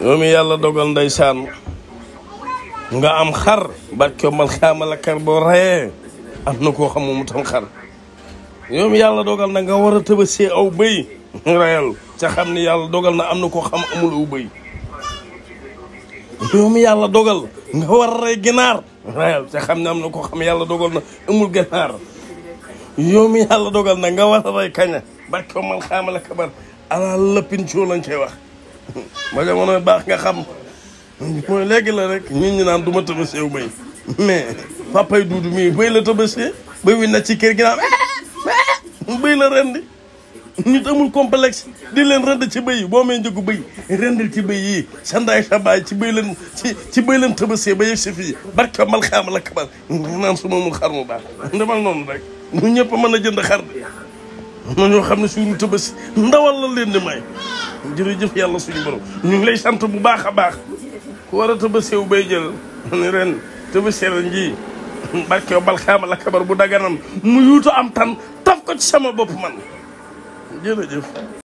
yow mi yàlla dogal ndeysaan nga am xar barke mal xaamal kar boo am na koo xam mu tam xar yow dogal na nga war a tëbasee aw bëy rayal ca xam ni yàlla dogal na am na koo xam amul aw bëy mi yàlla dogal nga war a rey ginaar rayal ca xam ne am na koo xam yàlla dogal na amul ginaar yow mi yàlla dogal na nga war a rey kaña barke mal xaamal kabar ala lëppin coo lañ koy wax ma jamono baax nga xam mooy léegi la rek ñun ñu naan du ma tëbasee wu béy mais papay duudu mii béy la tëbasee béy wi na ci kër gi naan eh, béy la rendi ñu amul complexe di leen rënd ci béy yi boo may njëgu béy rendil ci bay yi sa ndaay sa baay ci béy leen ci ci béy leen tëbasee ba yegg si fii barke mal xaamal ak kabar naan su ma mu xar mu baax demal noonu rek ñu ñëpp mën a jënd xar de ma ñoo xam ne suñu tëbës ndawal la leen di may jërëjëf yàlla suñu borom ñu ngi lay sant bu baax a baax war a tëbëseew bay jël ni ren tëbësee ren jii barkeew balxaama la kabar bu daganam mu yuutu am tan taf ko ci sama bopp man jërëjëf